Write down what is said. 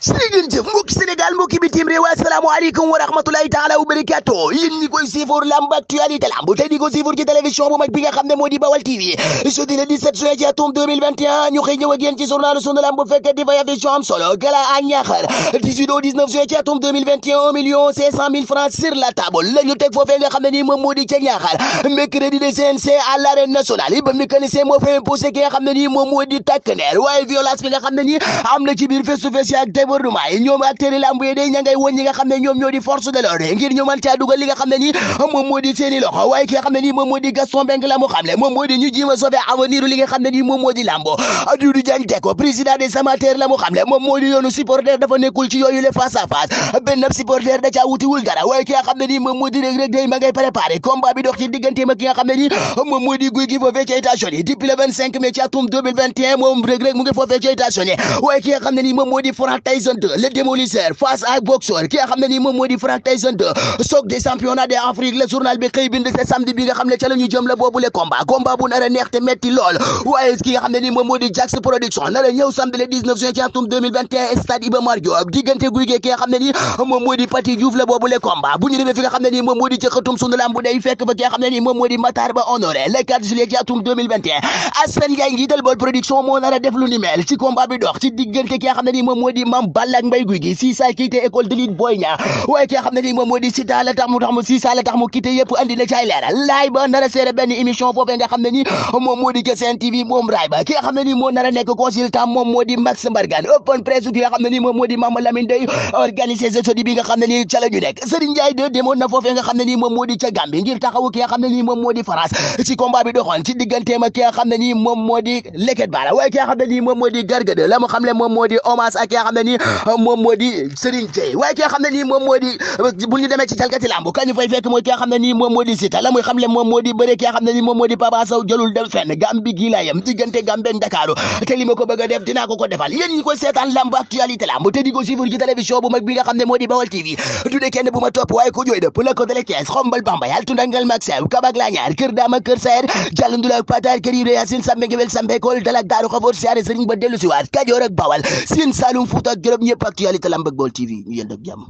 sëriñ leen jëf mbokki sénégal mbokki bitim réew asalaamaaleykum wa rahmatulahi taala wa barakaatu yéen ñi koy suivre lamb actualité lamb tey di ko suivre ci télévision bu mag bi nga xam ne moo di Bawal TV jeudi le 17 juin ci atum 2021 ñu xëy ci journalu sunu lamb bu fekkee di fay affiche am solo gala à Niakhar 18 au 19 juin ci atum 2021 1 million 500 mille francs sur la la ñu nga xam ne nii moom moo di ca Niakhar mercredi de CNC à moo fa imposé nga xam ne nii moom moo di takk neer waaye violence nga xam ne débordement yi ñoom acteurs yi lamb yi day ña ngay ñi nga xam ñoom ñoo di force de l'ordre ngir ñu mën caa dugal li nga xam ne a sauver avenir di lambo Tyson le démolisseur face à boxeur ki nga xam ne nii moom Frank Tyson 2 choc des championnats Afrique le journal bi xëy bind ce samedi bi nga xam ne ca la la boobu le combat bu nar a neex metti lool waaye ki nga xam ne nii moom Jax production na la ñëw samedi le 19 juin ci atum 2021 stade Iba Mar diggante guy gee ki nga xam ne nii moom Pati Diouf la boobu le combat bu ñu demee fi nga xam ne nii moom moo di cëxatum sunu lambu day fekk fa ki nga xam ne ni mel balla mbay guy gi kiite école de lutte ñaa waaye ki xam ne nii moom moo di si tax mu tax mu si saala tax mu kiite yëpp andi na cay leeral ba nar seere benn émission boobee nga xam ne nii moom moo di Sen TV moom raay ba ki xam ne nii moom moo Max Mbargane open press ki nga nga xam ne nii ca nekk Serigne Ndiaye de demoon na foofee nga xam ne nii moom moo ca Gambie ngir taxawu ki xam ne nii moom moo di France ci combat bi Euh, moom moo di Serigne waaye ki xam ne nii moom moo di bu xam le moom moo di bëre xam ne nii moom moo di Papa Sow jëlul dem fenn diggante Gàmbi ak Dakar ko bëgg a def dinaa ko ko defal yéen ko seetaan lamb actualité lamb te di ko suivre ci bu mag bi xam ne moo Bawal TV du kenn bu ma topp waaye ko jooy dëpp la ko dale Thiès xombal Bambey altundangal mag sew kabak la ñaar kër daama kër saer juróom ñëpp actualité lamb ak Baol TV ñu yëndoo ak